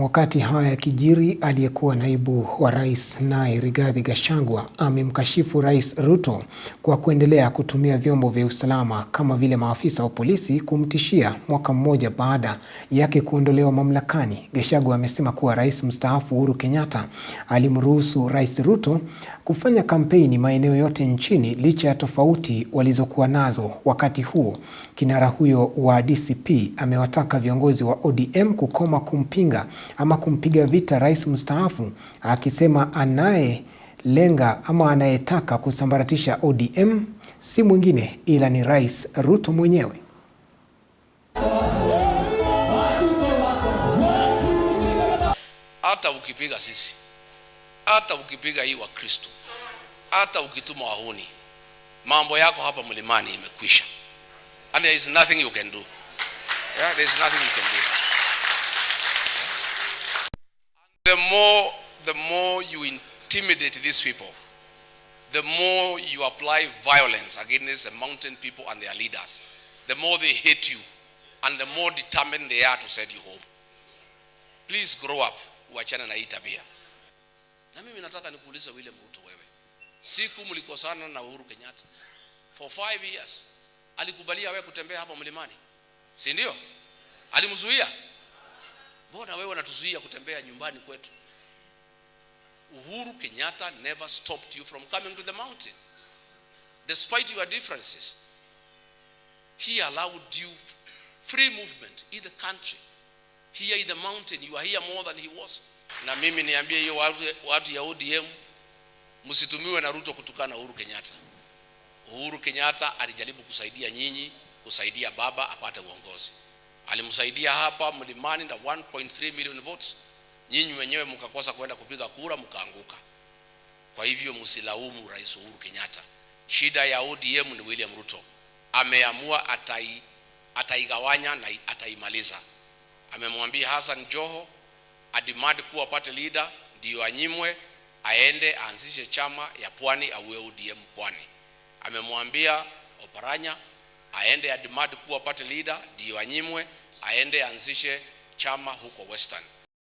Wakati haya yakijiri, aliyekuwa naibu wa rais naye Rigathi Gachagua amemkashifu Rais Ruto kwa kuendelea kutumia vyombo vya usalama kama vile maafisa wa polisi kumtishia mwaka mmoja baada yake kuondolewa mamlakani. Gachagua amesema kuwa Rais mstaafu Uhuru Kenyatta alimruhusu Rais Ruto kufanya kampeni maeneo yote nchini licha ya tofauti walizokuwa nazo wakati huo. Kinara huyo wa DCP amewataka viongozi wa ODM kukoma kumpinga ama kumpiga vita rais mstaafu akisema anayelenga ama anayetaka kusambaratisha ODM si mwingine ila ni Rais Ruto mwenyewe. Hata ukipiga sisi, hata ukipiga hii Wakristo, hata ukituma wahuni, mambo yako hapa mlimani imekwisha. And there is nothing you can do. Yeah, there is nothing you can do the more, the more you intimidate these people, the more you apply violence against the mountain people and their leaders, the more they hate you and the more determined they are to send you home. Please grow up, uachane na hii tabia. Na mimi nataka nikuulize William Ruto, wewe siku mlikosana na Uhuru Kenyatta for five years, alikubalia wewe kutembea hapo mlimani, si ndio? Alimzuia Mbona wewe unatuzuia kutembea nyumbani kwetu? Uhuru Kenyatta never stopped you from coming to the mountain despite your differences. He allowed you free movement in the country. Here in the mountain you are here more than he was. Na mimi niambie hiyo watu ya ODM msitumiwe na Ruto kutukana Uhuru Kenyatta. Uhuru Kenyatta alijaribu kusaidia nyinyi, kusaidia baba apate uongozi alimsaidia hapa mlimani na 1.3 million votes. Nyinyi wenyewe mkakosa kwenda kupiga kura, mkaanguka. Kwa hivyo msilaumu Rais Uhuru Kenyatta. Shida ya ODM ni William Ruto, ameamua atai ataigawanya na ataimaliza. Amemwambia Hassan Joho adimadi kuwa apate leader ndiyo anyimwe, aende aanzishe chama ya pwani au ODM pwani. Amemwambia Oparanya aende adimad kuwa party leader, ndio anyimwe, aende anzishe chama huko Western.